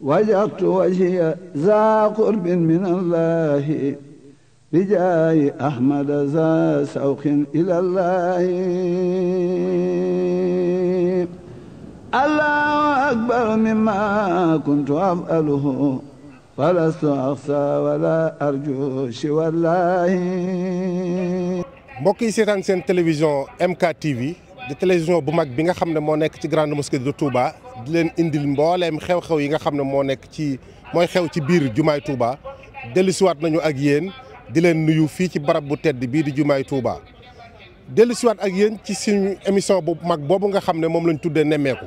وجهت وجهي ذا قرب من الله بجاي أحمد ذا سوق إلى الله الله أكبر مما كنت أفعله ولست أخسى ولا أرجو سوى الله mbokk yi seetaan seen télévision MK TV di télévision bu mag bi nga xam ne moo nekk ci grande mosquée de Touba di leen indil mbooleem xew-xew yi nga xam ne moo nekk ci mooy xew ci biir jumaay Touba dellusiwaat nañu ak yéen di leen nuyu fii ci barab bu tedd bii di jumaay Touba. dellusiwaat ak yéen ci suñu émission bu mag boobu nga xam ne moom lañ tuddee nemmeeku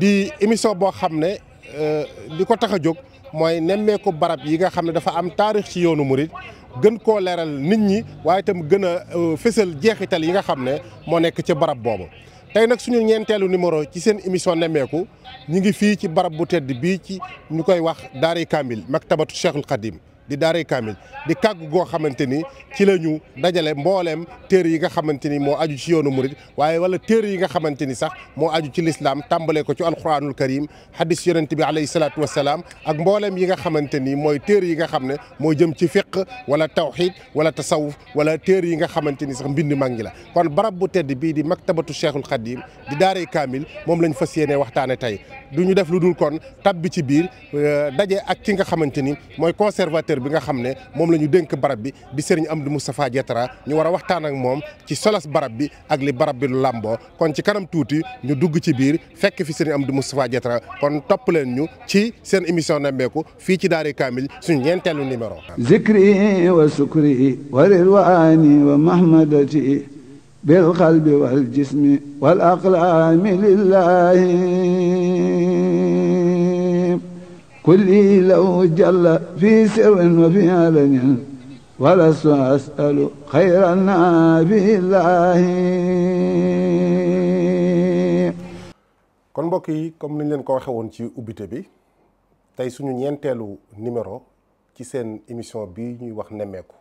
di émission boo xam ne euh, li ko tax a jóg mooy nemmeeku barab yi nga xam ne dafa am taarix ci yoonu murit gën koo leeral nit ñi waaye itam gën a euh, fësal jeexital yi nga xam ne moo nekk ci barab boobu. tey nag suñu ñeenteelu numéro ci seen émission nemmeeku ñu ngi fii ci barab bu tedd bii ci ñu koy wax Daaray Kamil Maktabatu Cheikhul Khadim di daaray kaamil di kàgg goo xamante ni ci la ñu dajale mboolem téere yi nga xamante ni moo aju ci yoonu waaye wala téere yi nga xamante ni sax moo aju ci lislaam tàmbale ko ci alquranul karim hadis yonent bi alayhi salaatu wasalaam ak mbooleem yi nga xamante ni mooy téere yi nga xam ne moo jëm ci fiq wala tawxid wala tasawuf wala téere yi nga xamante ni sax mbind mag la kon barab bu tedd bii di maktabatu cheikhul xadim di daaray kaamil moom lañ fas yéene waxtaane tey du ñu def lu dul kon tab bi ci biir euh, daje ak ki nga xamante ni mooy conservateur directeur bi nga xam ne moom la ñu dénk barab bi di Serigne Amdou Moustapha Diatara ñu war a waxtaan ak moom ci solos barab bi ak li barab bi lu làmboo kon ci kanam tuuti ñu dugg ci biir fekk fi Serigne Amdou Moustapha Diatara kon topp leen ñu ci seen émission nemmeeku fii ci Daaray Kamil suñu ñeenteelu numéro. zikri wa sukri wa rirwaani wa mahmadati bil qalbi wal jismi wal aqlaami lillahi كلي لو جل في سر وفي علن ولست أسأل خير النبي الله kon mbokk yi comme ni leen ko waxee woon ci ubbite bi tey suñu ñeenteelu numéro ci seen émission bi ñuy wax nemmeeku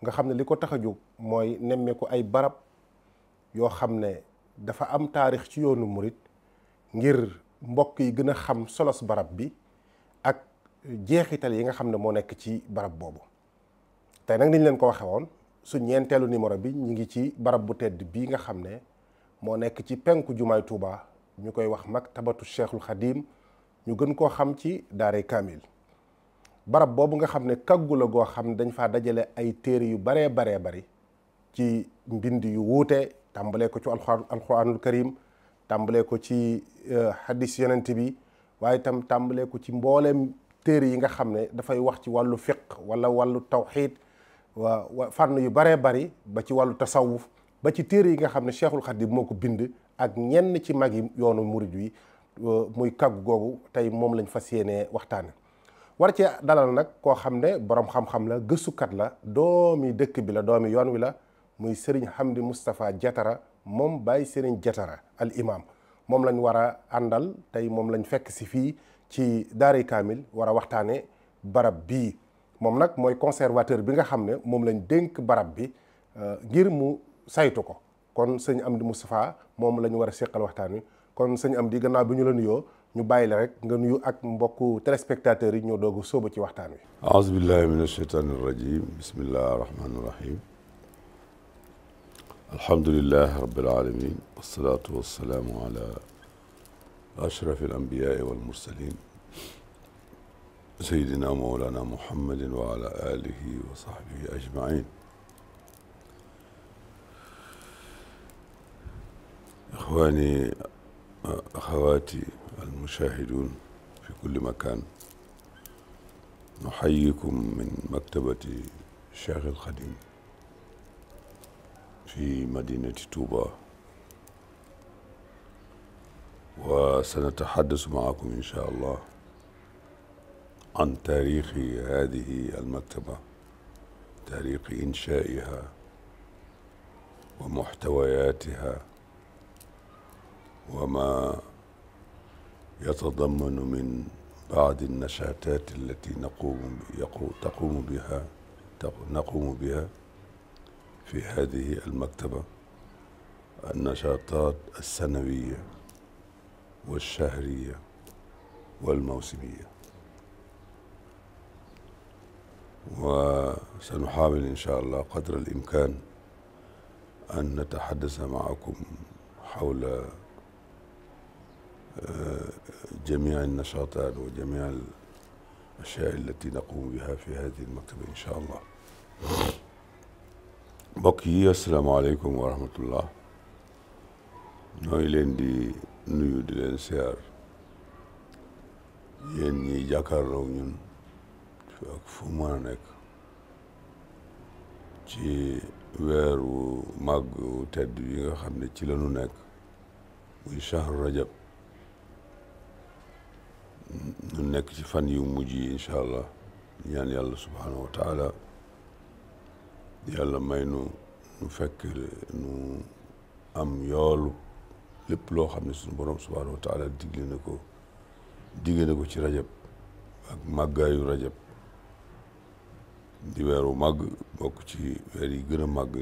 nga xam ne li ko tax a jóg mooy nemmeeku ay barab yoo xam ne dafa am taarix ci yoonu murit ngir mbokk yi gën a xam solos barab bi jeexital yi nga xam ne moo nekk ci barab boobu tey nag niñ leen ko waxe woon su ñeenteelu numéro bi ñu ngi ci barab bu tedd bii nga xam ne moo nekk ci penku jumaay tuuba ñu koy wax mag tabatu cheikhul xadim ñu gën koo xam ci daare kaamil barab boobu nga xam ne kaggu la goo xam dañ faa dajale ay téere yu baree baree bari ci mbind yu wuute tàmbalee ko ci alquranul karim tàmbalee ko ci hadis eh, bi waaye itam tàmbalee ko ci mbooleem téere yi nga xam ne dafay wax ci wàllu fiq wala wàllu tawxiid wa fànn yu baree bari ba ci wàllu tasawuf ba ci téere yi nga xam ne Cheikhul Khadim moo ko bind ak ñenn ci mag yi yoonu muruj wi muy kàggu googu tey moom lañ fa yéenee waxtaane war cee dalal nag koo xam ne boroom xam-xam la gëstukat la doomi dëkk bi la doomi yoon wi la muy Serigne Hamdi Moustapha Diatara moom bàyyi Serigne Diatara al imam moom lañ war a àndal tey moom lañ fekk si fii ci daaray kaamil war a waxtaane barab bii moom nag mooy conservateur bi nga xam ne moom lañ dénk barab bi euh, ngir mu saytu ko kon sëñ Amdi Moustapha moom la ñu war a seqal waxtaan wi kon am di gannaaw bi ñu la nuyoo ñu bàyyi la rek nga nuyu ak mbokku téléspectateurs yi ñoo doogu sooba ci waxtaan wi aouzu billahi min asheytaani irrajim bismillahi rahmaani rahim alhamdulilahi rabbil alamin wassalatu wassalaamu ala أشرف الأنبياء والمرسلين سيدنا مولانا محمد وعلى آله وصحبه أجمعين إخواني أخواتي المشاهدون في كل مكان نحييكم من مكتبة الشيخ الخديم في مدينة توبة وسنتحدث معكم إن شاء الله عن تاريخ هذه المكتبة تاريخ إنشائها ومحتوياتها وما يتضمن من بعض النشاطات التي نقوم تقوم بها نقوم بها في هذه المكتبة النشاطات السنوية والشهرية والموسمية وسنحاول إن شاء الله قدر الإمكان أن نتحدث معكم حول جميع النشاطات وجميع الأشياء التي نقوم بها في هذه المكتبة إن شاء الله mbokk yi asalaamaaleykum wa rahmatullah ñooy leen di nuyu di leen siyaar yéen ñi jàkkaarloo ñun fi ak fu mën nekk ci weer wu màgg wu tedd yi nga xam ne ci lañu nekk muy shahru rajab ñu nekk ci fan yu mujj yi incha allah ñaan yàlla subhaanahu wa taala yàlla may nu nu fekk nu am yoolu lépp loo xam ne suñu borom subhaanahu wa taala digle na ko digle na ko ci rajab ak màggaayu rajab di weeru màgg bokk ci yi gën a màgg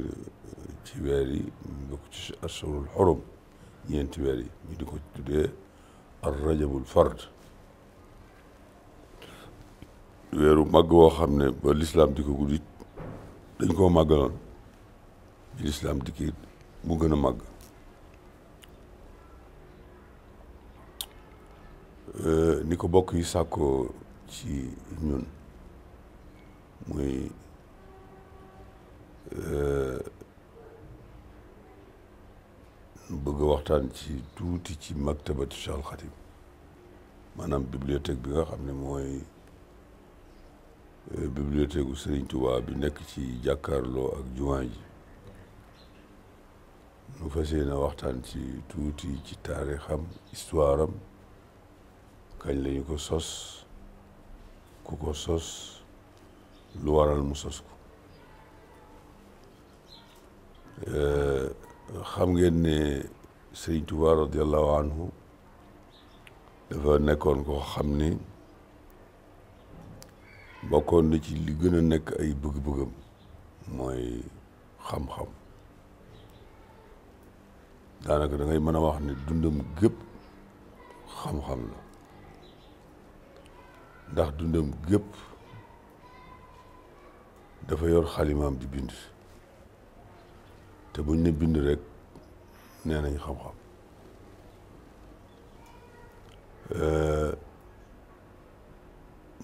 ci weer yi bokk ci ashurul xurum weer yi di ko tuddee ar rajabul fard weeru màgg woo xam ne ba lislaam di ko guddit dañ koo màggaloon bi lislaam dikkiit mu gën a màgg Euh, ni ko bokk yi sàkkoo ci ñun muy euh, bëgg waxtaan ci tuuti ci maktabatu Cheikh Al Khadim maanaam bibliothèque bi nga xam ne mooy euh, bibliothèque u Serigne Touba bi nekk ci jàkkaarloo ak jumaa ji nu fas yéene waxtaan ci tuuti ci taarixam histoire am kañ lañu ko sos ku ko sos lu waral mu sos ko euh, xam ngeen ne sëriñ Tuubaa radiyallahu anhu dafa nekkoon koo xam ni bokkoon na ci li gën a nekk ay bëgg-bëggam mooy xam-xam daanaka dangay ngay mën a wax ni dundam gépp xam-xam la ndax dundam gépp dafa yor xalimaam di bind te buñ ne bind rek nee nañ xam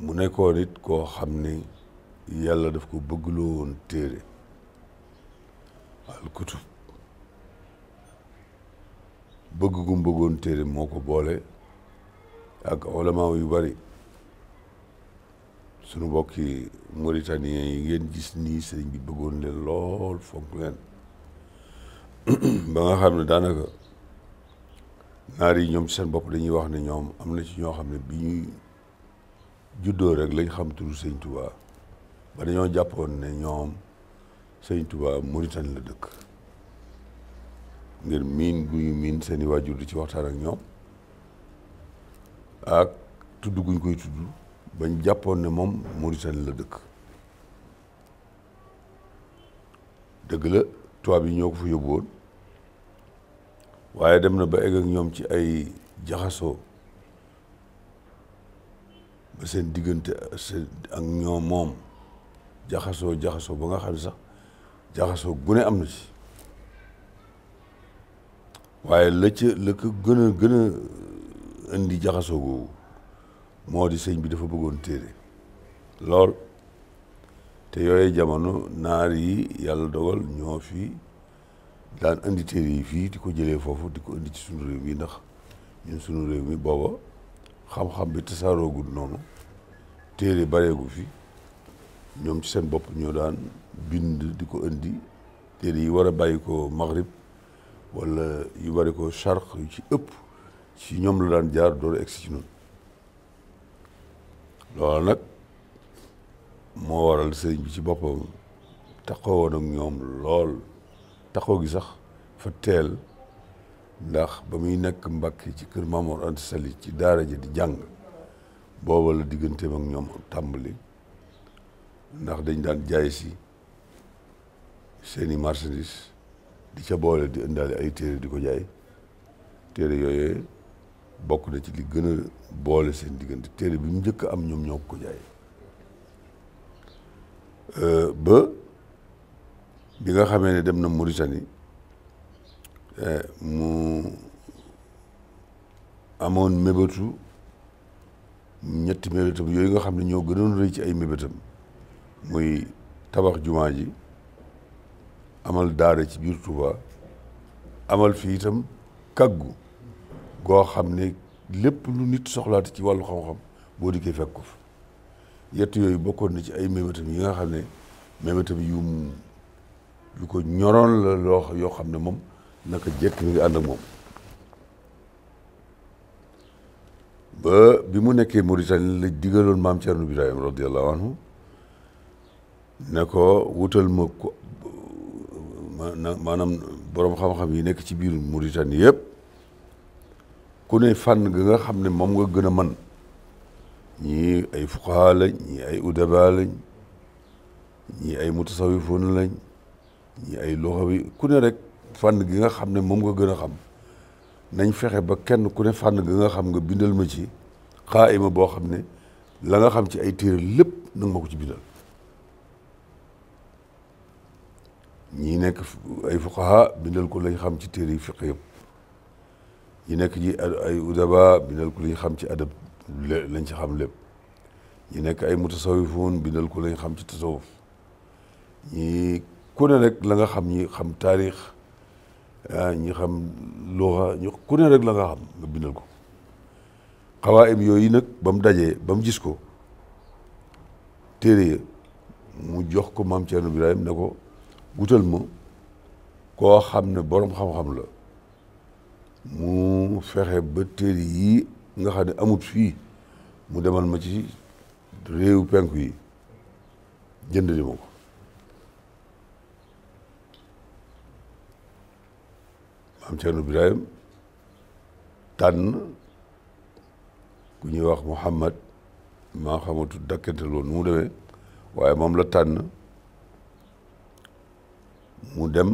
mu nekkoon it koo xam ni yàlla daf ko bëggloo woon téere al kutub bëgg gum bëggoon téere moo ko boole ak ulama yu bari sunu mbokki mauritanien yi ngeen gis nii sëriñ bi bëggoon leen lool fonk leen ba nga xam ne daanaka naar yi ñoom seen bopp dañuy wax ne ñoom am na ci ñoo xam ne bi ñuy juddoo rek lañ xam turu sëñ Touba ba dañoo jàppoon ne ñoom sëñ Touba Mauritanie la dëkk ngir miin gu miin seen i waajur di ci waxtaan ak ñoom ak tudd guñ koy tudd bañ jàppoon ne moom Mauritanie la dëkk dëgg la tubaab yi ñoo ko fa waaye dem na ba egg ak ñoom ci ay jaxasoo ba seen diggante seen ak moom jaxasoo jaxasoo ba nga xam sax jaxasoo gune am na ci waaye la ca la ko gën a gën a indi moo di sëñ bi dafa bëggoon téere lool te yooye jamono naar yi yàlla dogal ñoo fi daan indi téere yi fii di ko jëlee foofu di ko indi ci sunu réew mi ndax ñun sunu réew mi booba xam-xam bi tasaaroogul noonu téere bareegu fi ñoom ci seen bopp ñoo daan bind di ko indi téere yi war a bàyyi ko maghrib wala yu bari ko charq yu ci ëpp ci ñoom la daan jaar door egsi loolu nag moo waral sëriñ bi ci boppam taxawoon ak ñoom lool taxaw gi sax fa teel ndax ba muy nekk Mbàkke ci kër Mamoor Anta Sali ci daara ji di jàng booba la digganteem ak ñoom tàmbali ndax dañ daan jaay si seeni marchandise di ca boole di indaale ay téere di ko jaay téere yooyee bokk na ci li gën a boole seen diggante téere bi mu njëkk am ñoom ñoo ko jaay euh, ba bi nga xamee ne dem na Mauritanie euh, mu amoon mébétu ñetti mébétam yooyu nga xam ne ñoo gënoon rëy ci ay mébétam muy tabax jumaa ji amal daara ci biir Touba amal fii itam kaggu goo xam ne lépp lu nit soxlaati ci wàllu xam-xam boo dikkee fekk ko fa yooyu bokkoon na ci ay mématam yi nga xam ne mématam yu yu ko ñoroon la loo yoo xam ne moom naka jekk mi ngi ànd ak moom ba bi mu nekkee Mauritanie la digaloon maam Thierno Birahim radiyallahu anhu ne ko wutal ma ko maanaam borom xam-xam yi nekk ci biir Mauritanie yëpp ku ne fànn gi nga xam ne moom nga gën a mën ñii ay fuqahaa lañ ñii ay udaba lañ ñii ay mutasawifoon lañ ñii ay luxawi ku rek fànn gi nga xam ne moom nga gën a xam nañ fexe ba kenn ku ne fànn gi nga xam nga bindal ma ci xaayima boo xam ne la nga xam ci ay téere lépp na ma ko ci bindal ñii nekk ay fuqahaa bindal ko lañ xam ci téere yi fiq yi nekk ci ay udaba bindal ko lañ xam ci adab lañ ci xam lépp ñi nekk ay mutasawifun bindal ko lañ xam ci tasawuf ñi ku ne rek la nga xam ñi xam taarix ah, ñi xam luxa ñu ku rek la nga xam bindal ko xawaayam yooyu nag ba mu dajee ba mu gis ko téere mu jox ko maam Thierno Birahim ne ko wutal ma koo xam ne boroom xam la mu fexe ba téere yi nga xam ne amut fi mu demal ma ci réew penku yi jënd li ma ko maam Cerno Birahim tànn ku ñuy wax Muhammad maa xamatu dakkante loolu nu mu deme waaye moom la tànn mu dem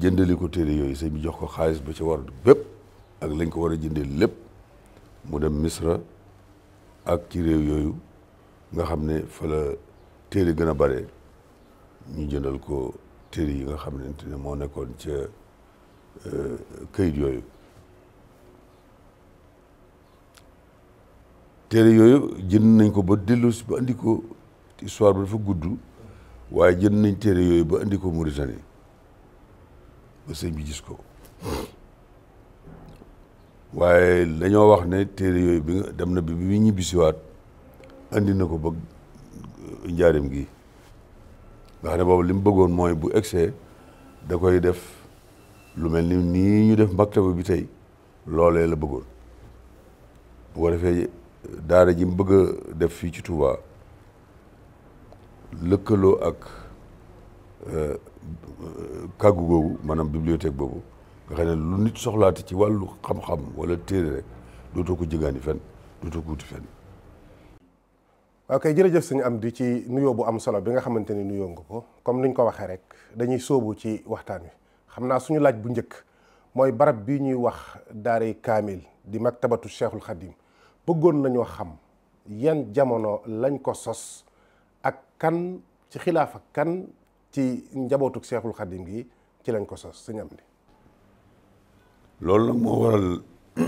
jëndali ko téere yooyu sëñ bi jox ko xaalis ba ci war bépp ak lañ ko war a jëndee lépp mu dem misra ak ci réew yooyu nga xam ne fa la téere gën a bare ñu jëndal ko téere yi nga xam ne moo nekkoon ca euh, këyit yooyu téere yooyu jënd nañ ko ba dellu ba andi ko histoire ba dafa gudd waaye jënd nañ téere yooyu ba andi ko Mauritanie ba sëñ bi gis ko waaye lañoo wax ne téere yooyu bi nga dem na bi bi ñibbisiwaat andi na ko bëgg uh, njaarim gi nga xam ne boobu lim bëggoon mooy bu egsee da koy def lu mel ni nii ñu def maktaba bi tey loolee la bëggoon bu ko defee daara ji mu bëgg def fii ci Touba lëkkaloo ak Euh, kàggu googu maanaam bibliothèque boobu nga xam ne lu nit soxlaati ci wàllu xam-xam wala téere rek dootoo ko jëgaani fenn dootoo ko wuti fenn. waaw kay jërëjëf sëñ di ci nuyoo bu am solo bi nga xamante ni nuyoo nga ko comme ñu ko waxee rek dañuy sóobu ci waxtaan wi xam naa suñu laaj bu njëkk mooy barab bi ñuy wax daaray kaamil di maktabatu cheikhul xadim bëggoon nañoo xam yan jamono lañ ko sos ak kan ci xilaafa kan ci njabootu Seexul Xadim gi ci lañ ko sos sëñ Amdi loolu nag moo waral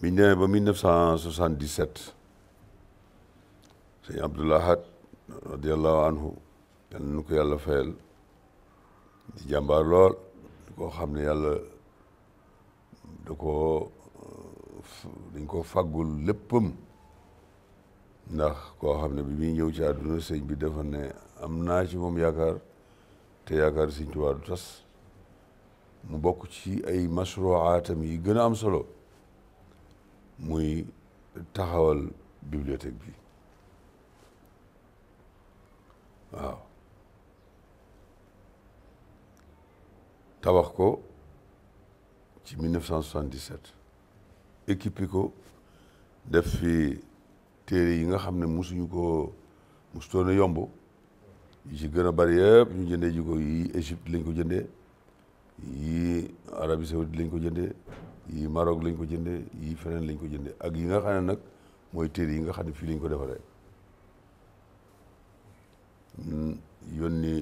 biñ demee ba 1977 sëñ Abdul Ahad radiallahu anhu yal na ko yàlla fayal di lool di koo xam ne yàlla da ko euh, dañ ko faggul léppam xam ne bi muy ñëw ci àdduna sëñ bi dafa ne am naa ci moom yaakaar te yaakaar Sëriñ Tuubaa du mu bokk ci ay masruwaatam yi gën a am solo muy taxawal bibliothèque bi waaw tabax ko ci 1977 équipé ko def fi téere yi nga xam ne musuñu ko musutoon a yomb yu ci gën bari yëpp ñu jëndee ji yi Égypte lañ ko jëndee yi Arabie Saoudite lañ ko jëndee yi Maroc lañ ko jëndee yi feneen lañ ko jëndee ak yi nga xam ne nag mooy téere yi nga xam ne fii lañ ko defaree mm, yónni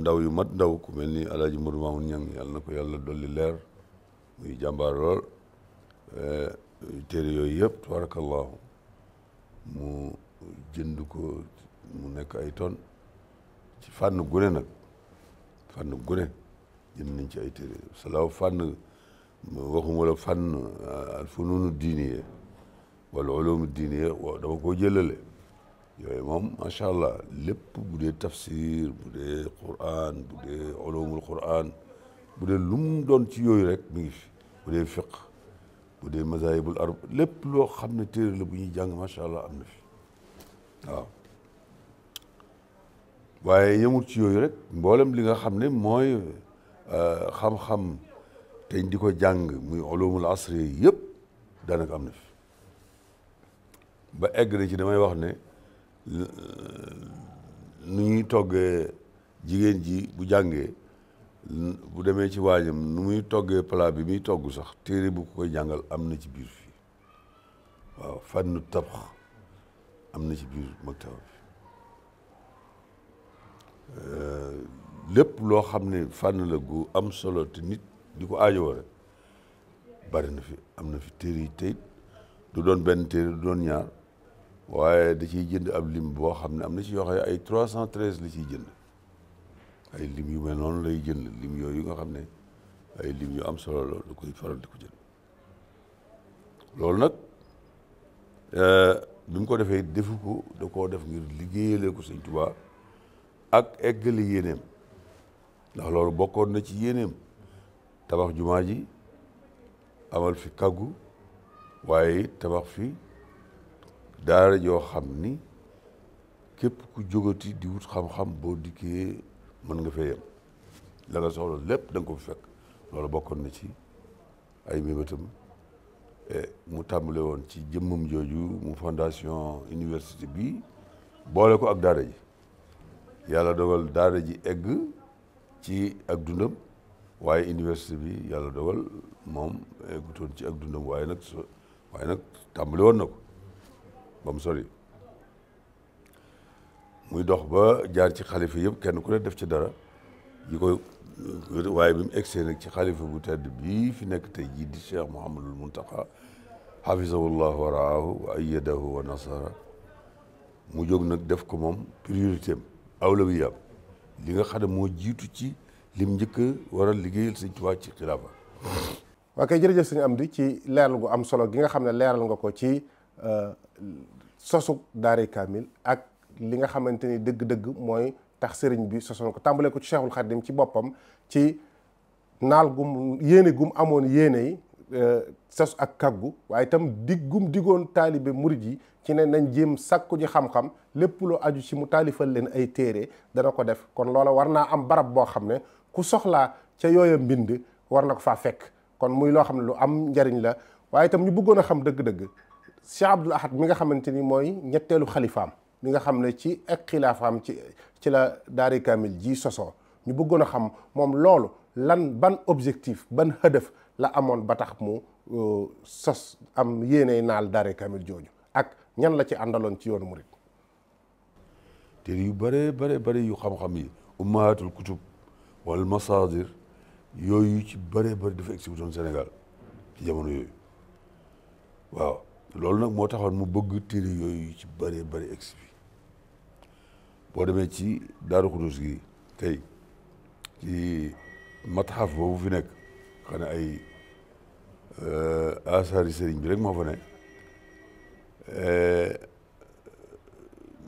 ndaw yu mat ndaw ku mel ni El Hadj Modou Mamoun Niang yàlla na ko yàlla dolli leer muy jàmbaar lool eh, téere yooyu yëpp tabarakallahu mu jënd ko mu nekk ay tonnes. ci fànn gune nag fànn gune jënd nañ ci ay téere salaaw fànn waxuma la fànn euh, alfununu diiniye wala ulumu diiniye waaw dama koo jëlale yooyu moom macha allah lépp bu dee tafsir bu dee quran bu dee ulumul quran bu dee lu mu doon ci yooyu rek mi ngi fi bu dee fiq bu dee mazahibul arab lépp loo xam ne téere la bu ñuy jàng macha allah am na fi waaw waaye yëmut ci yooyu rek mboolem li nga xam ne mooy euh, xam-xam teñ di ko jàng muy ulumul asri yëpp daanaka am na fi ba egg na ci damay wax ne euh, nu ñuy toggee jigéen ji bu jàngee bu demee ci waajam nu muy toggee plat bi muy togg sax téere bu ko koy jàngal am na ci biir fi waaw fànnu tabax am na ci biir maktaba bi Euh, lépp loo xam ne fànn la gu am solo te nit di ko aajowoo rek bari na fi am na fi téere yi tey du doon benn téere du doon ñaar waaye da ciy jënd ab lim boo xam ne am na ci yoo ay trois cent treize la ciy jënd ay lim yu mel noonu lay jënd lim yooyu nga xam ne ay lim yu am solo la da koy faral di ko jënd loolu nag euh, bi mu ko defee defu ko da koo def ngir liggéeyale ko Sëñ Tuubaa ak eggali yéeneem ndax loolu bokkoon na ci yéeneem tabax jumaa ji amal fi kàggu waaye tabax fi daara joo xam ni képp ku jógati di wut xam-xam boo dikkee mën nga fee yem la nga soxla lépp da nga ko fekk loolu bokkoon na ci ay mébétam e mu tàmbale woon ci jëmmam jooju mu fondation université bi boole ko ak daara ji yàlla dogal daara ji egg ci ak dundam waaye université bi yàlla dogal moom eggutoon ci ak dundam waaye nag so waaye nag tàmbali na ko ba mu muy dox ba jaar ci xalifa yëpp kenn ku ne def ci dara yi ko waaye bi mu egsee nag ci xalifa bu tedd bi fi nekk tey jii di Cheikh Mouhamadul Mountakha hafizahu llahu wa raahu wa ayyadahu wa nasara mu jóg nag def ko moom priorité awlawiyaam li nga xam ne moo jiitu ci lim njëkk waral liggéeyal sëñ Tuubaa ci xilaafa waa kay jërëjëf am di ci leeral gu am solo gi nga xam ne leeral nga ko ci euh, sosu daaray kaamil ak li nga xamante ni dëgg-dëgg mooy tax sëriñ bi sosoon ko tàmbalee ko ci Cheikhul Khadim ci boppam ci naal gum yéene gum amoon yéene yi Euh, sos ak kaggu waaye itam diggum diggoon taalibe murid yi ci ne nañ jéem sàkku ji xam lépp lu aju ci mu taalifal leen ay téere dana ko def kon loola war naa am barab boo xam ne ku soxlaa ca yooya mbind war na ko faa fekk kon muy loo xam ne lu am njariñ la waaye itam ñu bëggoon a xam dëgg-dëgg Cheikh mi nga xamante ni mooy ñetteelu xalifaam mi nga xam ne ci ak xilaafaam ci ci la daari kaamil ji sosoo ñu bëggoon a xam moom loolu lan ban objectif ban hëdëf la amoon ba tax mu euh, sos am yéeney naal daare kamil jooju ak ñan la ci àndaloon ci yoonu murit te yu bare bare bare yu xam-xam yi ummahatul kutub wal masaadir yooyu ci bare bare dafa exhibition Sénégal ci jamono waaw loolu nag moo taxoon mu bëgg téere yooyu ci bare bare boo demee ci Daaru Xudus gi tey ci matxaf boobu fi nekk xanaa ay Euh, asaari sëriñ bi rek moo fa ne euh,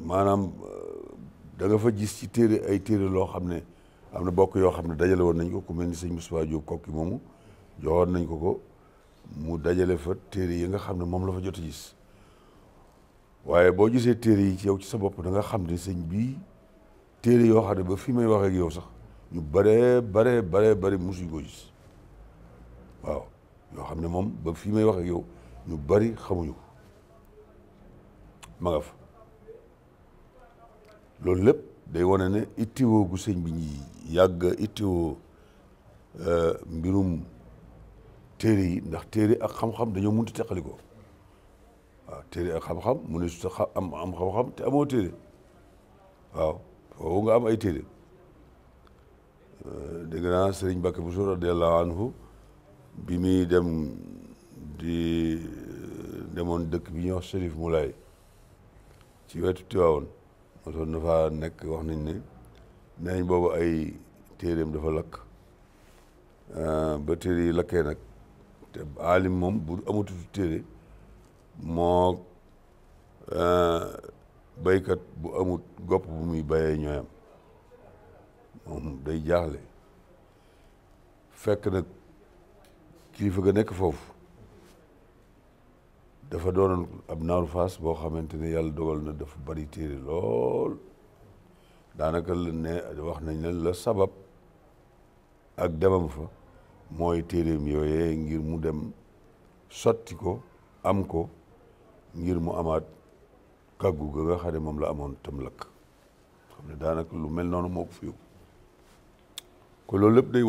maanaam euh, da nga fa gis ci téere ay téere loo xam ne am na bokk yoo xam ne dajale woon nañ ko ku mel ni sëñ Moustapha Diop kokki moomu joxoon nañ ko ko mu dajale fa téere yi nga xam ne moom la fa jot a gis waaye boo gisee téere yi ci yow ci sa bopp da xam ne sëñ bii téere yoo xam ne ba fi may waxee ak yow sax ñu bare bare bare bare musuñ koo gis waaw yoo xam ne moom ba fi may wax yow ñu bari xamuñu ko ma nga fa loolu lépp day wane ne ittiwoo gu sëñ bi ñuy yàgg ittiwoo euh, mbirum téere yi ndax téere ak xam-xam dañoo mënut a teqali ko waaw téere ak xam-xam mu ne su am am xam-xam te amoo téere waaw foofu nga am ay téere euh, dégg naa Sëriñ Mbàkke Bousso radiyallahu anhu bi muy dem di euh, demoon dëkk bi ñuy wax Chérif Moulay ci wetu Tiwaawoon mosoon na faa nekk wax nañ ne neeñ boobu ay téeréem dafa lakk euh, ba téere yi lakkee nag te aalim moom bu amatutu téere moo euh, baykat bu amut gopp bu muy bayee ñooyam day jaaxle fekk nag kilifa ga nekk foofu dafa doonoon ab naaru faas boo xamante ne yàlla dogal na dafa bari téere lool daanaka la ne wax nañ ne la sabab ak demam fa mooy téereem yooyee ngir mu dem sotti ko am ko ngir mu amaat kàggu ga nga xam ne moom la amoon tam lakk xam ne daanaka lu mel noonu moo ko fi yóbbu ko loolu lépp day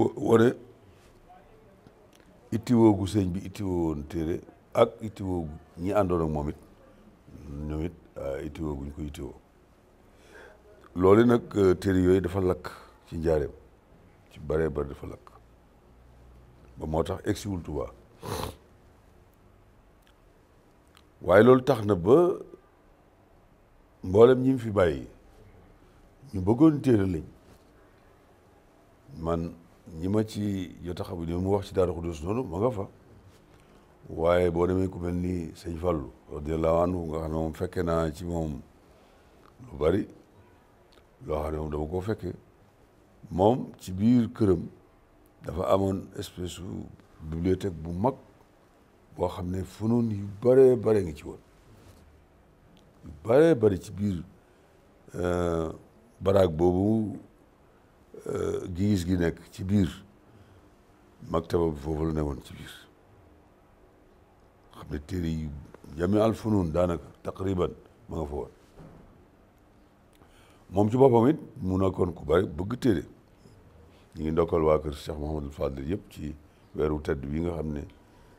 ittiwoogu sëñ bi ittiwoowoon téere ak ittiwoogu ñi àndoon ak moom it ñoom it ah, ittiwooguñ ko ittiwoo loolu nag euh, téere yooyu dafa lakk ci njaareem ci bare bare dafa lakk ba moo tax egsiwul Tuubaa waaye loolu tax na ba mboolem ñi fi bàyyi ñu bëggoon téere lañ man ñi ma ci jot a xam ne mu wax ci Daaru Xudoos noonu ma nga fa waaye boo demee ku mel ni sëñ Fallou radiyallahu anhu nga xam moom fekke naa ci moom lu bari loo xam moom koo fekke moom ci biir këram dafa amoon espèce u bibliothèque bu mag boo xam ne funoon yu bare bare ngi ci woon bare bari ci biir euh, baraag boobu Euh, giis gi nekk ci biir maktaba bi foofu la newoon ci biir xam ne téere yi jami al funun daanaka taqriban ma nga fa woon moom ci boppam it mu nekkoon ku bari bëgg téere ñu ngi ndokkal waa kër Cheikh Mouhamadul Fadil yëpp ci weeru tedd bi nga xam ne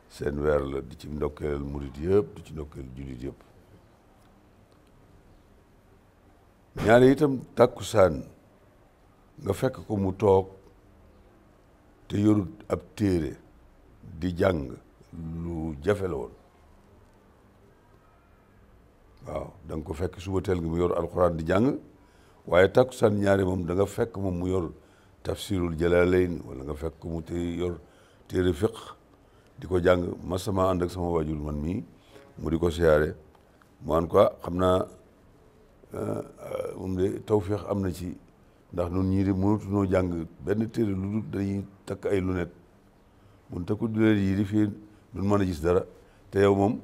seen weer la di ci ndokkeelal murit yëpp di ci ndokkeelal jullit yëpp ñaari itam tàkkusaan nga fekk ko mu toog te yorut ab téere di jàng lu jafe la woon waaw da nga fekk suba teel ngi mu yor alxuraan di jàng waaye takkusaan ñaari moom da nga fekk moom mu yor tafsirul jalalayn wala nga fekk mu te yor téere fiq di ko jàng ma sama ànd ak sama waajur man mii mu di ko siyaare mu an ko ah, xam naa eh, eh, moom de tawfiq am na ci ndax nun ñii di mënutunoo jàng benn téere lu dul dañuy takk ay lunettes mun takku lunettes yii di fi duñ mën a gis dara te yow moom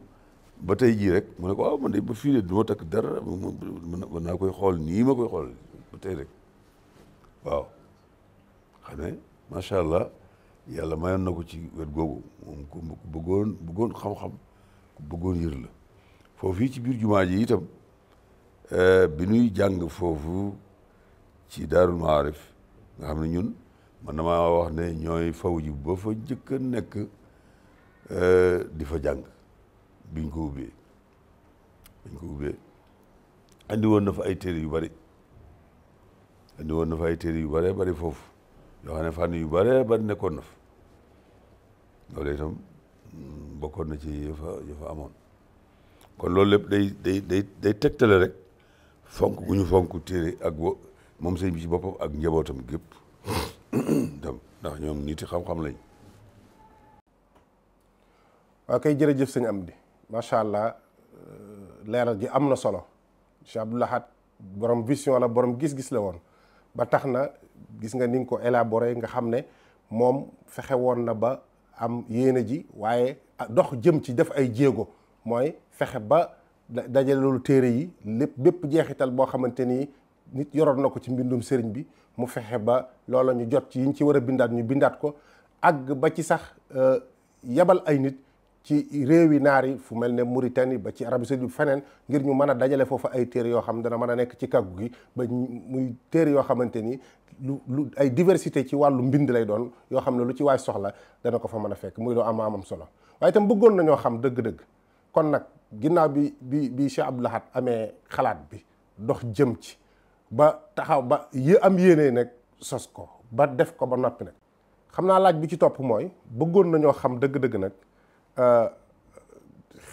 ba tey jii rek mu ne ko waaw ah, man de ba fii takk dara mën naa koy xool nii ma koy xool ba tey rek waaw xam ne allah yàlla ma na ko ci wet googu moom ku bëggoon bëggoon xam ku bëggoon yër la foofu yi ci biir jumaa ji itam eh, bi ñuy jàng foofu ci daarul maarif nga xam ne ñun man ma wax ne ñooy faw ji ba fa njëkk nekk eh, di fa jàng biñ ko ubbee biñ ko ubbee andi woon na fa ay téere yu bari andi woon na fa ay téere yu bare bari foofu yoo xam ne yu bari bari nekkoon na fa loolu itam mm, bokkoon na ci yëfa yëfa amoon kon loolu lépp day day day day rek fonk gu ñu fonk téere moom sëñ bi ci boppam ak njabootam gépp dem ndax ñoom nit xam-xam lañ. waaw kay jërëjëf sëñ Amdi macha allah euh, leeral ji am na solo Cheikh borom vision la borom gis-gis la woon ba tax na gis nga ni ko élaboré nga xam ne moom fexe woon na ba am yéene ji waaye dox jëm ci def ay jéego mooy fexe ba dajale loolu téere yi lépp bépp jeexital boo xamante ni. nit yoroon na ko ci mbindum sëriñ bi mu fexe ba loola ñu jot ci yi ñu ci war a bindaat ñu bindaat ko àgg ba ci sax euh, yebal ay nit ci réewi naar yi fu mel ne Mauritanie ba ci Arabie Saoudite feneen ngir ñu mën a dajale foofu ay téere yoo xam dana mën a nekk ci kàggu gi ba muy téere yoo xamante ni lu lu ay diversité ci wàllu mbind lay doon yoo xam ne lu ci waaye soxla dana ko fa mën a fekk muy loo am amam solo waaye itam bëggoon nañoo xam dëgg-dëgg kon nag ginnaaw bi bi bi Cheikh ab Lahad amee xalaat bi dox jëm ci ba taxaw ba yi am yéene nag sos ko ba def ko ba noppi nag xam naa laaj bi ci topp mooy bëggoon nañoo xam dëgg-dëgg nag euh,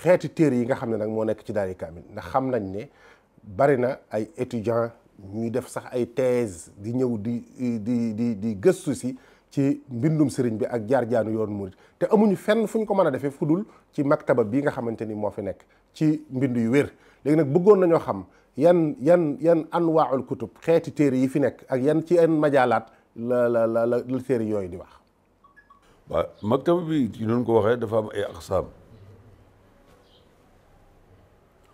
xeeti téere yi nga xam ne nag moo nekk ci daari kaamil ndax xam nañ ne bari na ay étudiants ñuy def sax ay thèse di ñëw di di di di gëstu si ci mbindum sëriñ bi ak jaar-jaanu yoon murit te amuñu fenn fu ñu ko mën a defee fu dul ci maktaba bii nga xamante ni moo fi nekk ci mbind yu wér léegi nag bëggoon nañoo xam yan yan yan anwaaul kutub xeeti téere yi fi nekk ak yan ci yan majaalaat la la la la téere yooyu di wax waaw bi ci noonu ko waxee dafa am ay aqsaam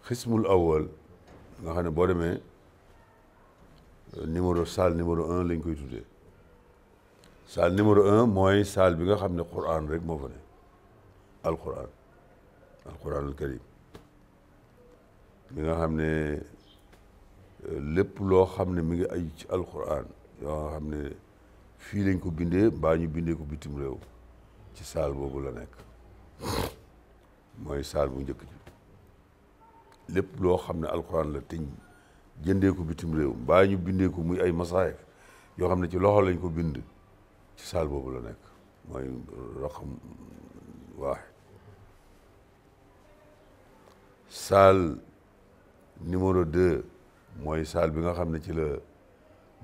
xismul awal nga xam ne boo demee euh, numéro salle numéro un lañ koy tuddee salle numéro un mooy salle bi nga xam ne quran rek moo fa ne alquran alquran al karim bi nga xam ne lépp loo xam ne mi ngi ay ci alquran yoo xam ne fii lañ ko bindee mbaa ñu bindee ko bitim réew ci saal boobu la nekk mooy saal bu njëkk lépp loo xam ne alquran la teñ jëndee ko bitim réew mbaa ñu bindee ko muy ay masaayif yoo xam ne ci loxo lañ ko bind ci saal boobu la nekk mooy raqam waaxid saal numéro deux mooy saal bi nga xam ne ci la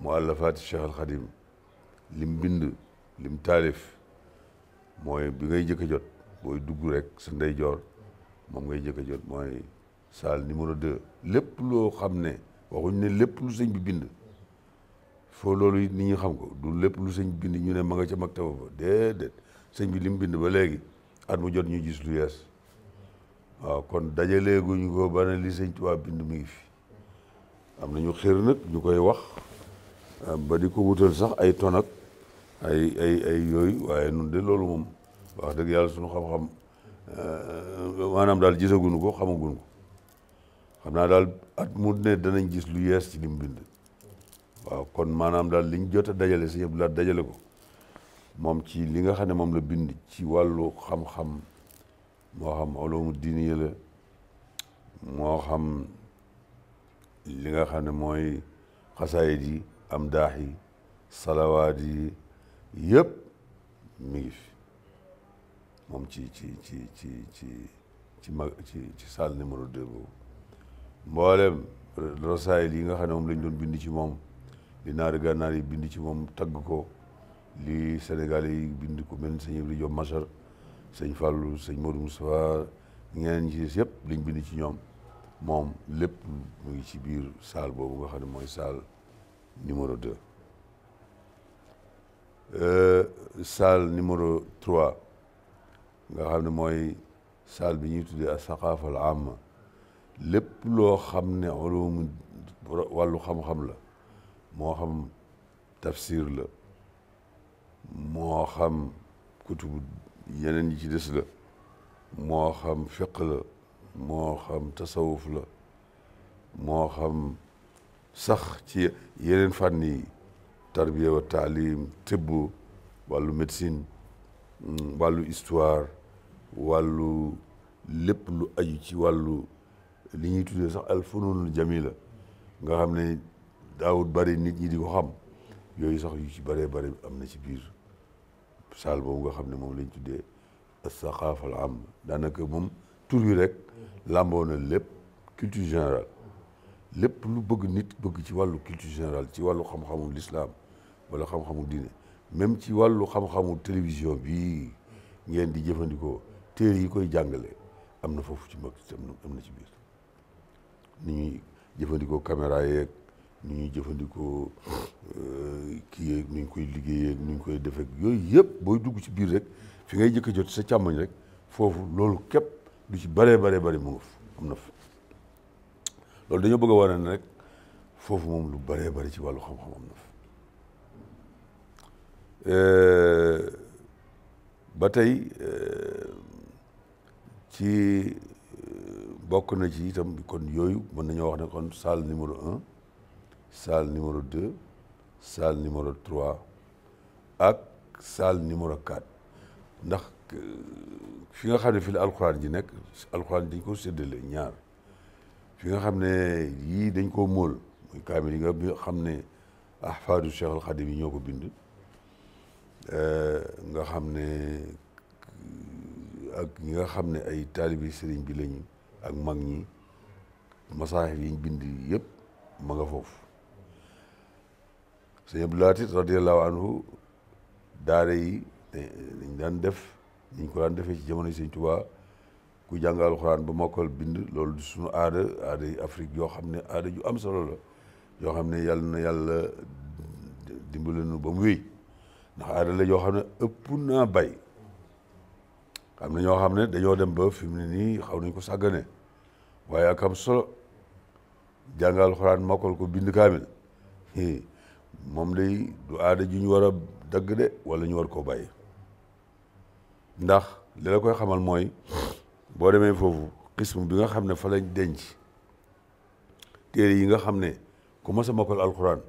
muallafaati Cheikh al Xadim lim bind lim taalif mooy bi ngay jëkk a jot booy dugg rek sa ndeyjoor moom ngay jëkk a jot mooy saal numéro deux lépp xam ne waxuñ ne lépp lu sëñ bi bind foo loolu it ni ñi xam ko du lépp lu sëñ bi bind ñu ne ma nga ca mag tawa fa déedéet sëñ bi lim bind ba léegi at mu jot ñu gis lu yees waaw kon dajaleeguñu ko ba li sëñ Tuubaa bind mi ngi fi am nañu xër nag ñu koy wax euh, ba di ko wutal sax ay tonak ay ay ay yooyu waaye nun de loolu moom wax dëgg yàlla suñu xam-xam euh, maanaam daal gisaguñu ko xamaguñu ko xam naa daal at mu ne danañ gis lu yees ci lim bind waaw kon maanaam daal liñ jot a dajale si yëpp daal dajale ko moom ci li nga xam ne moom la bindi ci wàllu xam-xam moo xam olomu diini la moo xam li nga xam ne mooy xasaayid yi am daax yi salawaat yi yëpp mi ngi fi moom ci ci ci ci ci ci mag ci ci salle numéro deux boobu mboolem rosaayil yi nga xam ne moom lañ doon bindi ci moom li naar gànnaar yi bindi ci moom tagg ko li Sénégal yi bind ko mel sëñ Ibrahima Diop Machar sëñ Fallou sëñ Modou Moustapha ñeneen ñi ci yëpp liñ bind ci ñoom moom lépp mu ngi ci biir salle boobu nga xam ne mooy salle numéro deux euh, salle numéro trois nga xam ne mooy salle bi ñuy tuddee ak saqaafa al amma lépp loo xam ne ulum wàllu xam-xam la moo xam tafsir la moo xam kutubu yeneen yi des la moo xam fiq la moo xam tasawuf la moo xam sax ci yeneen fànn yi tarbiya wa taalim tibb wàllu médecine mm, wàllu histoire wàllu lépp lu aju ci wàllu li ñuy tuddee sax alfununul jamila nga xam ne daawut bari nit ñi di ko xam yooyu sax yu ci bëree bëri am na ci biir saal boobu nga xam ne moom lañ tuddee as-saqaafa al am daanaka moom tur wi rek làmboo na lépp culture général lépp lu bëgg nit bëgg ci wàllu culture général ci wàllu xam-xamu lislaam wala xam-xamu diine même ci wàllu xam-xamu télévision bii ngeen di jëfandikoo téere yi koy jàngale am na foofu ci mag am na ci biir ni ñuy jëfandikoo caméra yeeg ni ñuy jëfandikoo euh, kii yeeg ni ñu koy liggéeyee ni ñu koy defee yooyu yëpp booy dugg ci biir rek fi ngay jëkk a jot sa càmmoñ rek foofu loolu képp lu ci bëree bëree bëri mu ngi am na fa loolu dañoo bëgg a wane ne rek foofu moom lu bëree bari ci wàllu xam-xam am na fa euh, ba tey euh, ci euh, bokk na ci itam kon yooyu mën nañoo wax ne kon salle numéro un salle numéro deux salle numéro trois ak salle numéro quatre ndax fi nga xam ne fi la alxuraan ji nekk alxuraan dañ ko séddale ñaar fi nga xam ne yii dañ ko móol muy kaamil nga xam ne ahfaadu Cheikh al Xadim yi ñoo ko bind eh, nga xam ne ak ñi nga xam ne ay talibi sëriñ bi ak mag ñi masaahif yiñ bind yëpp ma nga foofu sëñ Abdou Latif anhu daara yi dañ eh, daan def ñu ko daan defee ci jamono Sëñ Tuubaa ku jàng alxuraan ba mokkal bind lool du suñu aada aada yi Afrique yoo xam ne aada ju am solo la yoo xam ne yàlla na yàlla dimbale nu ba mu wéy ndax aada la yoo xam ne ëpp naa bay am na ñoo xam ne dañoo dem ba fi mu ne nii xaw nañ ko sàggane waaye ak am solo jàng alxuraan mokkal ko bind kaamil moom day du aada ju ñu war a dagg de wala ñu war koo bay ndax li koy xamal mooy boo demee foofu xismu bi nga xam ne fa lañ denc téere yi nga xam ne ku mos a mokkal alxuraan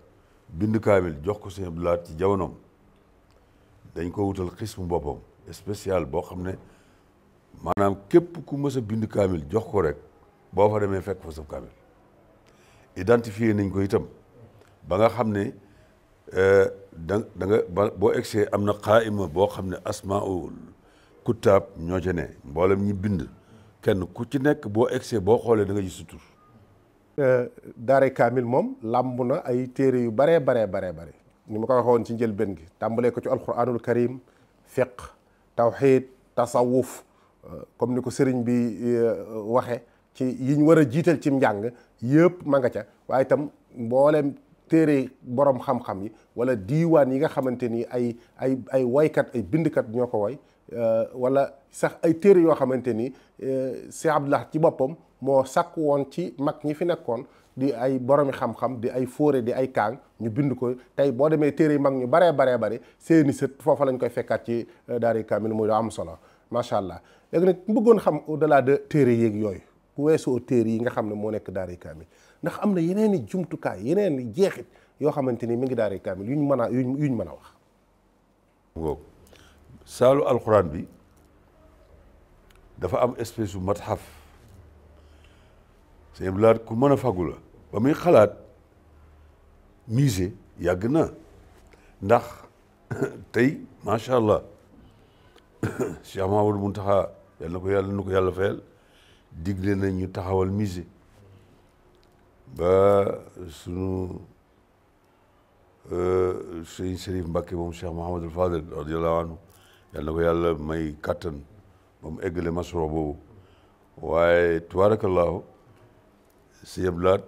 bind kaamil jox ko seen blaat ci jamonoom dañ ko wutal xismu boppam spécial boo xam ne maanaam képp ku mos a bind kaamil jox ko rek boo fa demee fekk fa sa kaamil identifié nañ ko itam ba nga xam ne euh, da da nga boo egsee am na xaayima boo xam ne asmaul Koutab ñoo ca ne mboolem ñi bind kenn ku ci nekk boo egsee boo xoolee da nga gis sutur euh, daare kaamil moom làmb na ay téere yu baree baree baree bare ñu ma ko waxoon ci njëlbéen gi tàmbalee ko ci alquranul karim fiq tawxiid tasawuf euh, comme ni ko sëriñ bi euh, waxe ci yiñ war a jiital ci njàng yëpp ma nga ca waaye itam mbooleem téere borom xam-xam yi wala diiwaan yi nga xamante ni ay ay ay waykat ay bindkat ñoo ko woy Euh, wala sax ay téere yoo xamante ni euh, Cheikh Abdoulaye ci boppam moo sàkk woon ci mag ñi fi nekkoon di ay boromi xam-xam di ay fóore di ay kaang ñu bind ko tey boo demee téere yi mag ñu baree baree bari seeni sët foofa lañ koy fekkaat ci euh, daari kaamil muy lu am solo macha allah léegi nag bëggoon xam au delà de téere yeeg yooyu bu weesoo téer yi nga xam ne moo nekk daari kaamil ndax am na yeneen i jumtukaay yeneen i jeexit yoo xamante ni mi ngi daari kaamil yuñ mën a yuñ yuñ mën a wax. saalu alxuraan bi dafa am espèce wu matxaf sëñ bi ku mën a fagu la ba muy xalaat musée yàgg na ndax tey macha allah Cheikh Mahamadou Muntaxa yàlla na ko yàlla na ko yàlla fayal digle nañ ñu taxawal musée ba sunu sëñ Sërif Mbàkke moom Cheikh Mahamadul yàlla na ko yàlla may kàttan ba mu eggale masoro boobu waaye tubaarakallaahu si yeblaat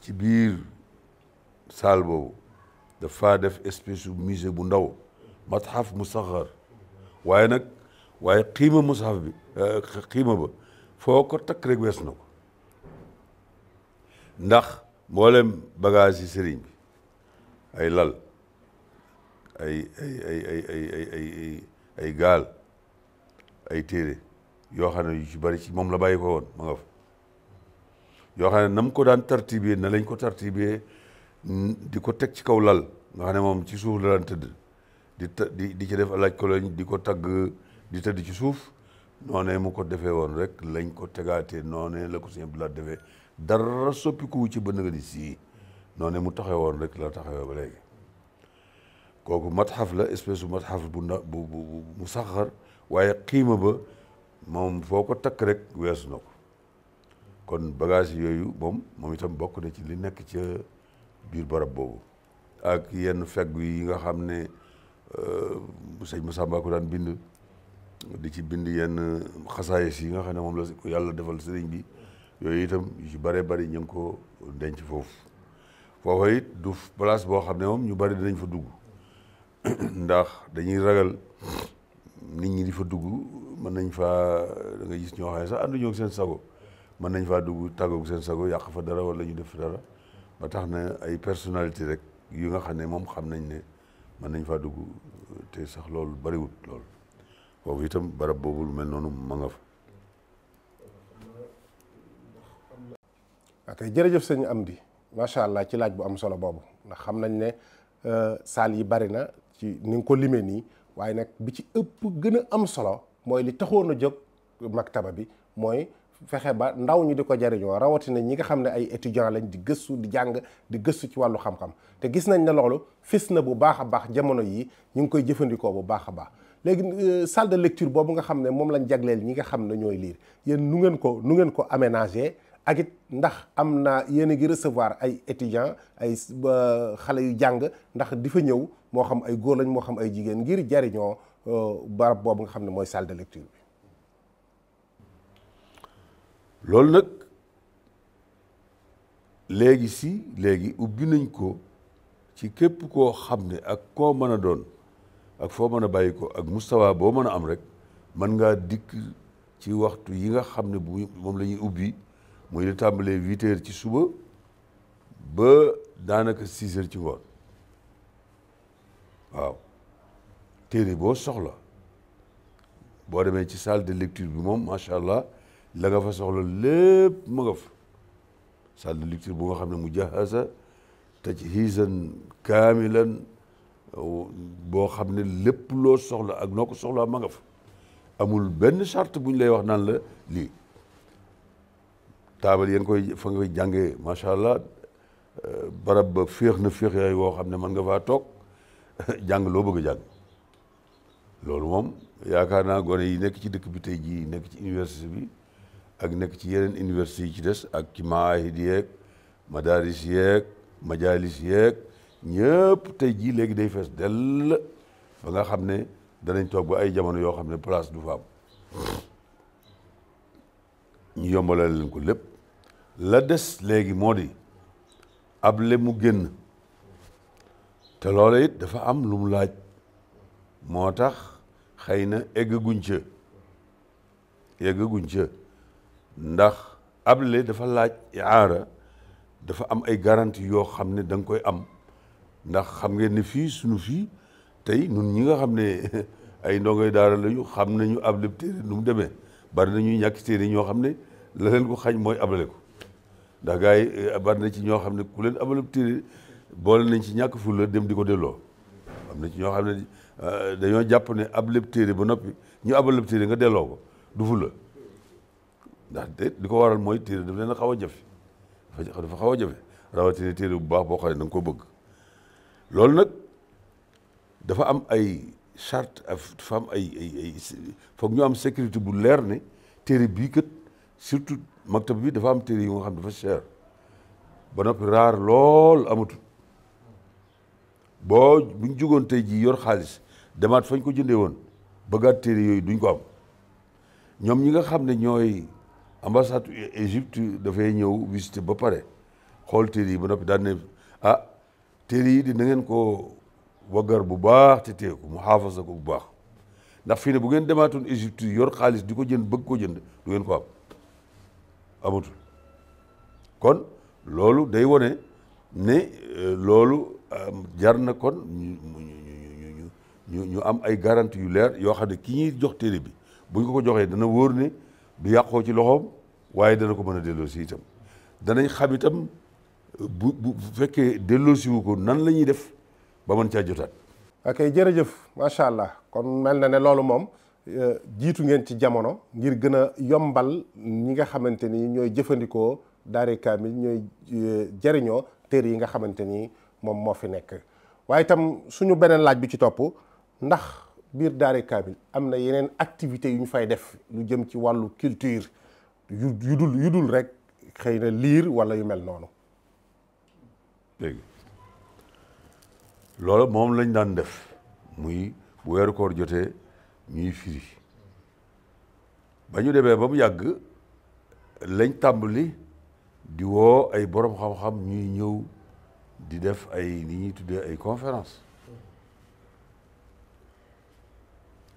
ci biir saal boobu dafa def espèce de musée bu ndaw matxaf musaxar waaye nag waaye xiima musaxaf bi eh, xiima ba foo ko takk rek na ko ndax mboolem bagage yi sëriñ bi ay lal ay ay ay ay ay ay ay gaal ay téere yoo xam ne yu ci bari ci moom la bàyyi ko woon ma nga fa yoo xam ne na ko daan tartibee na lañ ko tartibee di ko teg ci kaw lal nga xam ne moom ci suuf la daan tëdd di di di ci def alaaj ko lañ di ko tagg di tëdd ci suuf noonee mu ko defee woon rek lañ ko tegaatee noone la ko sëñ Abdou Lahad defee dara soppikuwu ci ba nga di sii noonee mu taxee woon rek la taxawee ba léegi kooku mat matxaf la espèce bu matxaf bu na bu bu mu saxar waaye kiima ba moom foo ko takk rek weesu na ko kon bagage yooyu moom moom itam bokk na ci li nekk ca biir barab boobu ak yenn feggu yi nga xam ne euh, sëñ Massamba ko daan bind di ci bind yenn xasaayis yi nga xam ne moom la yàlla defal sëriñ bi yooyu itam yu ci bëree ñu ngi ko denc foofu foofa it du place boo xam ne moom ñu bëri dinañ fa dugg ndax dañuy ragal nit ñi di fa dugg mën nañ faa da nga gis ñoo xam sax ànduñoo ak seen sago mën nañ faa dugg tàggoog seen sago yàq fa dara walla ñu def fa dara ba tax na ay personnalité rek yu nga xam ne moom xam nañ ne mën nañ faa dugg te sax lool bariwul lool foofu itam barab boobu mel noonu ma nga fa. ok jërëjëf am di macha allah ci laaj bu am solo boobu ndax xam nañ ne euh, saal yi bari na ci ni nga ko limee nii waaye nag bi ci ëpp gën a am solo mooy li taxoon a jóg maktaba bi mooy fexe ba ndaw ñi di ko jariñoo rawatina ñi nga xam ne ay étudiants lañ di gëstu di jàng di gëstu ci wàllu xam-xam te gis nañ ne loolu fis na bu baax a baax jamono yii ñu ngi koy jëfandikoo bu baax a baax léegi euh, salle de lecture boobu nga xam ne moom lañ jagleel ñi nga xam ne ñooy liir yéen nu ngeen ko nu ngeen ko aménager ak it ndax am na yéen a ngi recevoir ay étudiants ay xale yu jàng ndax di fa ñëw moo xam ay góor lañ moo xam ay jigéen ngir jariñoo euh, barab boobu nga xam ne mooy salle de bi. loolu nag léegi si léegi ubbi nañ ko ci képp koo xam ne ak koo mën a doon ak foo mën a bàyyi ko ak mustawa boo mën a am rek mën ngaa dikk ci waxtu yi nga xam ne bu moom la ubbi. muy lu tàmbalee huit heures ci suba ba daanaka six heures ci ngoon waaw téere boo soxla boo demee ci salle de bi moom macha allah la nga fa soxla lépp ma nga fa salle de lecture bu nga xam ne mu jaxasa tajhiizan kaamilan boo xam ne lépp loo soxla ak noo ko soxlaa ma nga amul benn charte bu ñu lay wax naan la lii taabal yéen koy fa nga koy jàngee macha allah euh, barab ba féex na féex yooyu woo xam ne mën nga faa toog jàng loo bëgg a jàng loolu moom yaakaar naa gone yi nekk ci dëkk bi tey jii nekk ci université bi ak nekk ci yeneen université yi ci des ak ci maahid yeeg madaris yeeg majalis yeeg ñëpp tey jii léegi day fes dell ba nga xam ne danañ toog ba ay jamono yoo xam ne place du fa am ñu yombalal leen ko lépp la des léegi moo di ab le mu génn te loola it dafa am lu laaj moo tax xëy na eggaguñ ca eggaguñ ca ndax ab le dafa laaj yaara dafa am ay garanti yoo xam ne da koy am ndax xam ngeen ne fii sunu fii tey nun ñi nga xam ne ay ndongoy daara lañu xam nañu ab le téere nu mu demee bari nañuy ñàkk téere ñoo xam ne la leen ko xañ mooy abale ko ndax gars yi eh, bari na ci ñoo xam ne ku leen amalub téere boole nañ ci ñàkk fulla dem di ko delloo am na ci ñoo xam ne eh, dañoo jàpp ne ab léb téere ba noppi ñu abalub téere nga delloo ko du fulla ndax di ko waral mooy téere daf leen a xaw a jafe dafa xaw a jafe rawatina téere bu baax boo xam ne da nga loolu nag dafa am ay charte ay ay foog ñu am sécurité bu leer ne téere bii kët surtout maktab bi dafa am téere yu nga xam dafa cher ba noppi raar lool amatul boo buñ jugoon tey jii yor xaalis demaat fañ ko jëndee woon bëggaat téere yooyu duñ ko am ñoom ñi nga xam ne ñooy ambassade Égypte dafay ñëw visité ba pare xool téere yi ba noppi daan ne ah téere yi di na ngeen ko waggar bu baax te téye ku mu xaafasa ko bu baax ndax fii ne bu ngeen demaatoon Égypte yor xaalis di ko jënd bëgg ko jënd du ngeen ko am amatul kon loolu day wone ne euh, loolu euh, jar na kon ñu ñu ñu ñu am ay garantie yu leer yoo xam ne ki ñuy jox téere bi buñ ko ko joxee dana wóor ne du yàqoo ci loxoom waaye dana ko mën a delloosi itam danañ xam itam euh, bu bu fekkee delloosiwu ko nan la ñuy def ba mën caa jotaat. akay jërëjëf macha allah kon mel na ne loolu moom. Euh, jiitu ngeen ci jamono ngir gën a yombal ñi nga xamante ni ñooy jëfandikoo daare kaamil ñooy euh, jariñoo téere yi nga xamante ni moom moo fi nekk waaye itam suñu beneen laaj bi ci topp ndax biir daare kaamil am na yeneen activités yu ñu fay def lu jëm ci wàllu culture yu dul yu dul rek xëy na liir walla yu mel noonu dégg loolu moom lañ daan def muy bu weeru jotee ñuy firi ba ñu demee ba mu yàgg lañ tàmbali di woo ay borom xam-xam ñuy ñëw di def ay ni ñuy tuddee ay conférence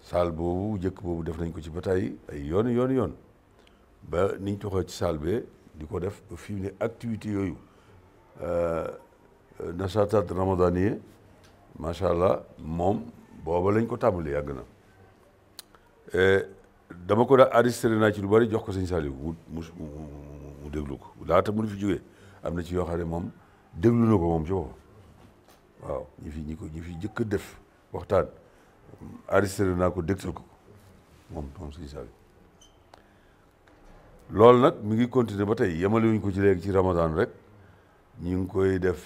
salle boobu jëkk boobu def nañ ko ci ba bataay ay yoon yoon yoon ba niñ toxee ci salle bee di ko def ba fi mu ne activité yooyu euh, nasatat ramadaniye macha allah moom booba lañ ko tàmbali yàgg na dama ko daa enregistré naa ci lu bari jox ko sëñ wu mu mu mu déglu ko laata mu fi jógee am na ci yoo xam ne moom déglu na ko moom ci boppam waaw ñi fi ñi ko ñi fi jëkk a def waxtaan enregistré naa ko dégtal ko moom moom loolu nag mu ngi continuer ba tey yemale wuñ ko ci léegi ci Ramadan rek ñu ngi koy def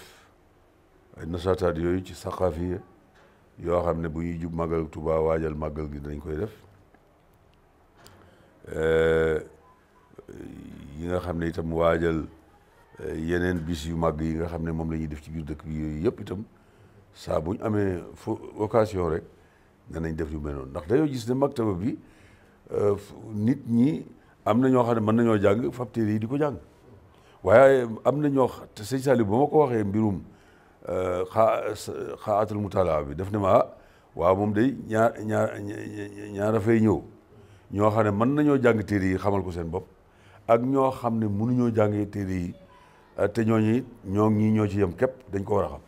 ay nasaataat yooyu ci saqaafi yoo xam ne bu ñuy jub màggal tubaa waajal màggal gi dañ koy def yi nga xam ne itam waajal eh, yeneen bis yu màgg yi nga xam ne moom la ñuy def ci biir dëkk bi yooyu yëpp itam saa bu amee fo occasion rek danañ def yu mel noonu ndax dañoo gis ne maktaba bi eh, nit ñi am na ñoo xam ne mën nañoo jàng fab téere yi di ko jàng waaye am na ñoo te sëñ ma ko waxee mbirum eh, xaa xaatul mutaalaa bi def ne ma ah waaw moom day ñaar ñaar ñaar a ñëw. ñoo xam ne mën nañoo jàng téere yi xamal ko seen bopp ak ñoo xam ne mënuñoo jàngee téere yi euh, te ñooñu it ñoo ñii ñoo ci yem képp dañ ko war a xam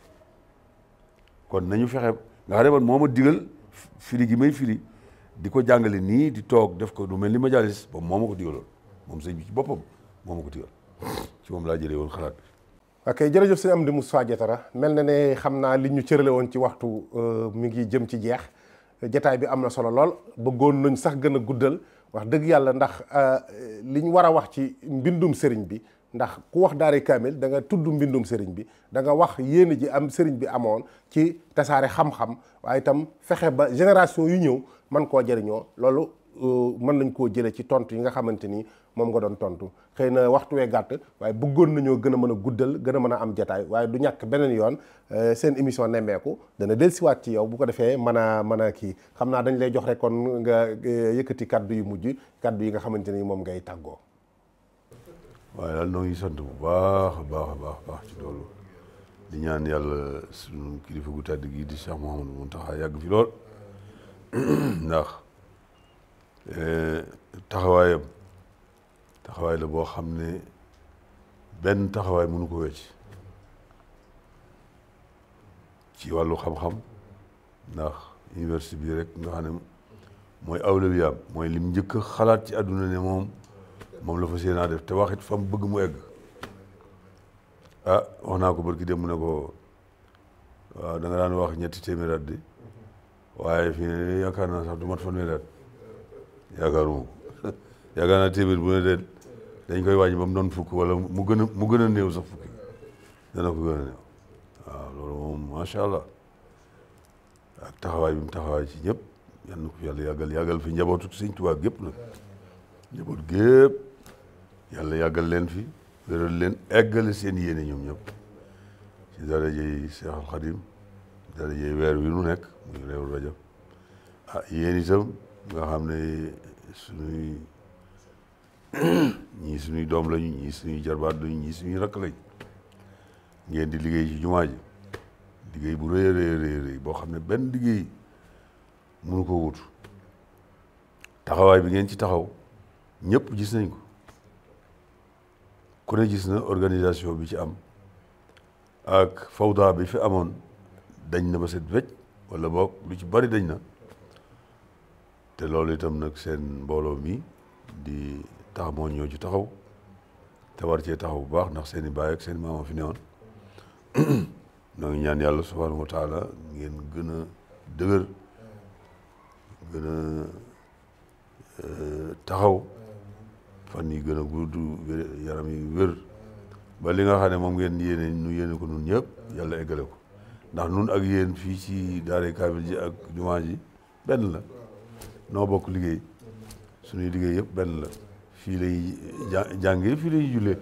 kon nañu fexe nga xam ne man moo ma digal firi gi may firi di ko jàngale nii di toog def ko du mel ni majalis boobu moo ma ko digaloon moom sëñ bii ci boppam moo ma ko digal ci moom laa jëlee woon xalaat bi. ok jërëjëf sëñ mu Moussa Diatara mel na ne xam naa li ñu cërale woon ci waxtu euh, mi ngi jëm ci jeex. jataay bi am na solo lool bëggoon nañ sax gën a guddal wax dëgg yàlla ndax euh, li ñu war a wax ci mbindum sëriñ bi ndax ku wax daare kaamil da nga tudd mbindum sëriñ bi danga wax yéen ji am sëriñ bi amoon ci tasaare xam-xam waaye itam fexe ba génération yu ñëw man koo jëriñoo loolu Euh, mën nañ koo jëlee ci tont yi nga xamante ni moom nga doon tontu xëy na waxtu wee gàtt waaye bëggoon nañoo gën a mën a guddal gën a mën a am jataay waaye du ñàkk beneen yoon euh, seen émission nemmeeku dana dellusiwaat ci yow bu ko defee mën a man a kii xam naa dañ lay jox rek kon nga euh, yëkkati kaddu yu mujj kàddu yi nga xamante ni moom ngay tàggoo. waaye daal noo ngi sant bu baax a baax baax baax ci loolu di ñaan yàlla sunu kilifa gu tàdd gi di Cheikh Mouhamadou Mountakha yàgg fi lool Eh, taxawaayam taxawaay la boo xam ne benn taxawaay mënu ko wecc ci wàllu xam-xam ndax université bi rek nga xam ne mooy awlawiyaam mooy lim njëkk xalaat ci àdduna ne moom moom la fa séenaa def te waxit fa mu bëgg mu egg ah wax naa ko barki de mu ne ko waaw da nga daan wax ñetti téeméer at waaye fii yaakaar naa sax du mat fanweeri yaakaaruma ko yaakaar naa téeméer bu ne de dañ koy wàññi ba mu doon fukk wala mu gën a mu gën a néew sax fukki dana ko gën a néew waaw macha allah ak taxawaay bi mu taxawaay ci ñëpp yal na ko yàlla yàggal yàggal fi njabootu Sëñ Tuubaa gépp nag njaboot gépp yàlla yàggal leen fi wéral leen eggale seen yéene ñoom ñëpp ci darajey Cheikh Al Khadim darajey weer wi nu nekk muy réewu Rajab ah yéen nga xam ne suñuy ñii suñuy doom lañu ñii suñuy jarbaat lañu ñii suñuy rakk lañ ngeen di liggéey ci jumaa ji liggéey bu rëy rëy boo xam ne benn liggéey mënu ko wut taxawaay bi ngeen ci taxaw ñëpp gis nañ ko ku ne gis na organisation bi ci am ak fawda bi fi amoon dañ na ba set wecc wala boog lu ci bari dañ na te loolu itam nag seen mbooloo mi di tax moo ñëw ci taxaw te war cee taxaw bu baax ndax seen i baay ak seen i maama fi newoon noo ngi ñaan yàlla subhaanahu wa taala ngeen gën a dëgër gën a eh, taxaw fan yi gën a gudd yaram yi wér ba li nga xam ne moom ngeen yéene nu yéene ko nun ñëpp yàlla eggale ko ndax nun ak yéen fii ci daare kaamil ji ak jumaa ji benn la noo bokk liggéey suñuy liggéey yëpp benn la fii lay jàngee fii lay jullee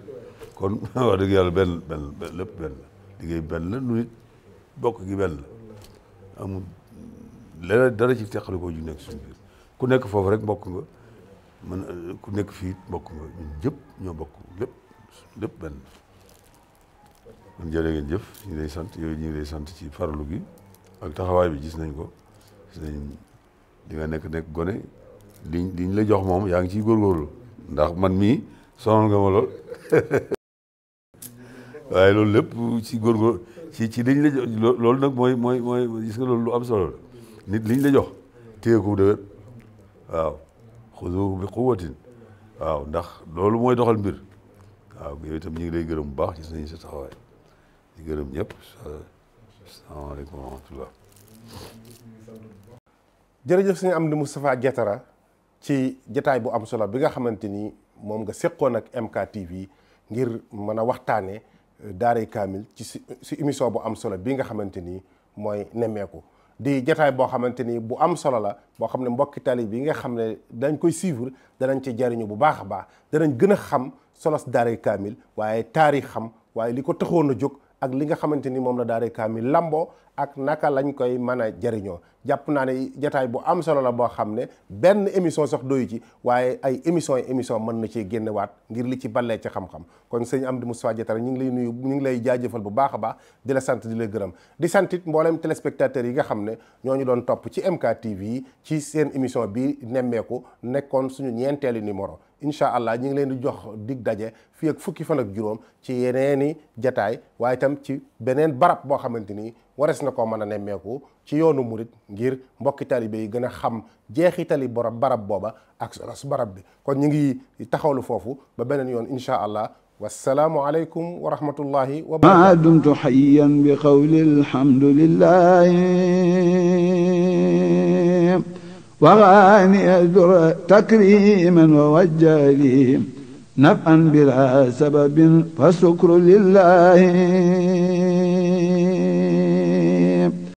kon wax dëgg yàlla benn benn lépp benn la liggéey benn la nu nit bokk gi benn la amul leneen dara ci teqali ko ju nekk suñu ku nekk foofu rek mbokk nga man ku nekk fii bokk nga ñun ñëpp ñoo bokk lépp lépp benn kon jërë ngeen jëf ñu ngi sant yooyu ñu sant ci farlu gi ak taxawaay bi gis nañ ko gis li nekk nekk gone liñ liñ la jox moom yaa ngi ciy góorgóorlu ndax man mii sonal nga ma lool waaye loolu lépp ci góorgóor ci ci liñ la jox loolu nag mooy mooy mooy gis loolu lu am solo nit liñ la jox téye ko dëgër waaw xuzuuhu bi quwwatin waaw ndax loolu mooy doxal mbir waaw yooyu itam ñu ngi lay gërëm bu baax gis nañu sa taxawaay di gërëm ñëpp salaamaaleykum wa rahmatullah jërëjëf suñu am di Moustapha Diatara ci jataay bu am solo bi nga xamante ni moom nga séqoon ak MKTV ngir mën a waxtaane euh, daaray kaamil ci si émission bu am solo bi nga xamante ni mooy nemmeeku di jataay boo xamante ni bu am solo la boo xam ne mbokki tali bi nga xam ne dañ koy suivre danañ ci jariñu bu baax a baax danañ gën a xam solos daaray kaamil waaye taarix xam waaye li ko taxoon a jóg ak li nga xamante ni moom la daaray kaamil lamboo ak naka lañ koy mën a jariñoo jàpp naa ne jataay bu am solo la boo xam ne benn émission sax doyu ci waaye ay émission yi émission mën na cee génnewaat ngir li ci ballee ci xam-xam kon sëñ Amdi Moustapha Diatara ñu ngi lay nuyu ñu ngi lay jaajëfal bu baax a baax di la sant di la gërëm di sant it mboolem yi nga xam ne ñoo ñu doon topp ci MK TV ci seen émission bi nemmeeku nekkoon suñu ñeenteelu numéro incha allah ñu ngi leen di jox dig daje fii fukki fan ak juróom ci yeneeni jataay waaye tam ci beneen barab boo xamante ni warees na koo mën a nemmeeku ci yoonu murit ngir mbokki talibe gën a xam jeexitali borom barab booba ak solos barab bi kon ñu ngi taxawlu foofu ba beneen yoon incha allah wassalaamu aleykum wa rahmatullahi wa barakatuh ma dumtu hayyan bi qawli وغاني أزر تكريما ووجه لي نفعا بلا سبب فالشكر لله